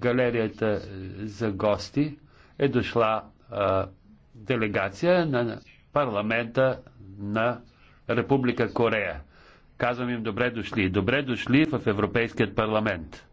галерията за гости е дошла а, делегация на парламента на Република Корея. Казвам им добре дошли. Добре дошли в Европейският парламент.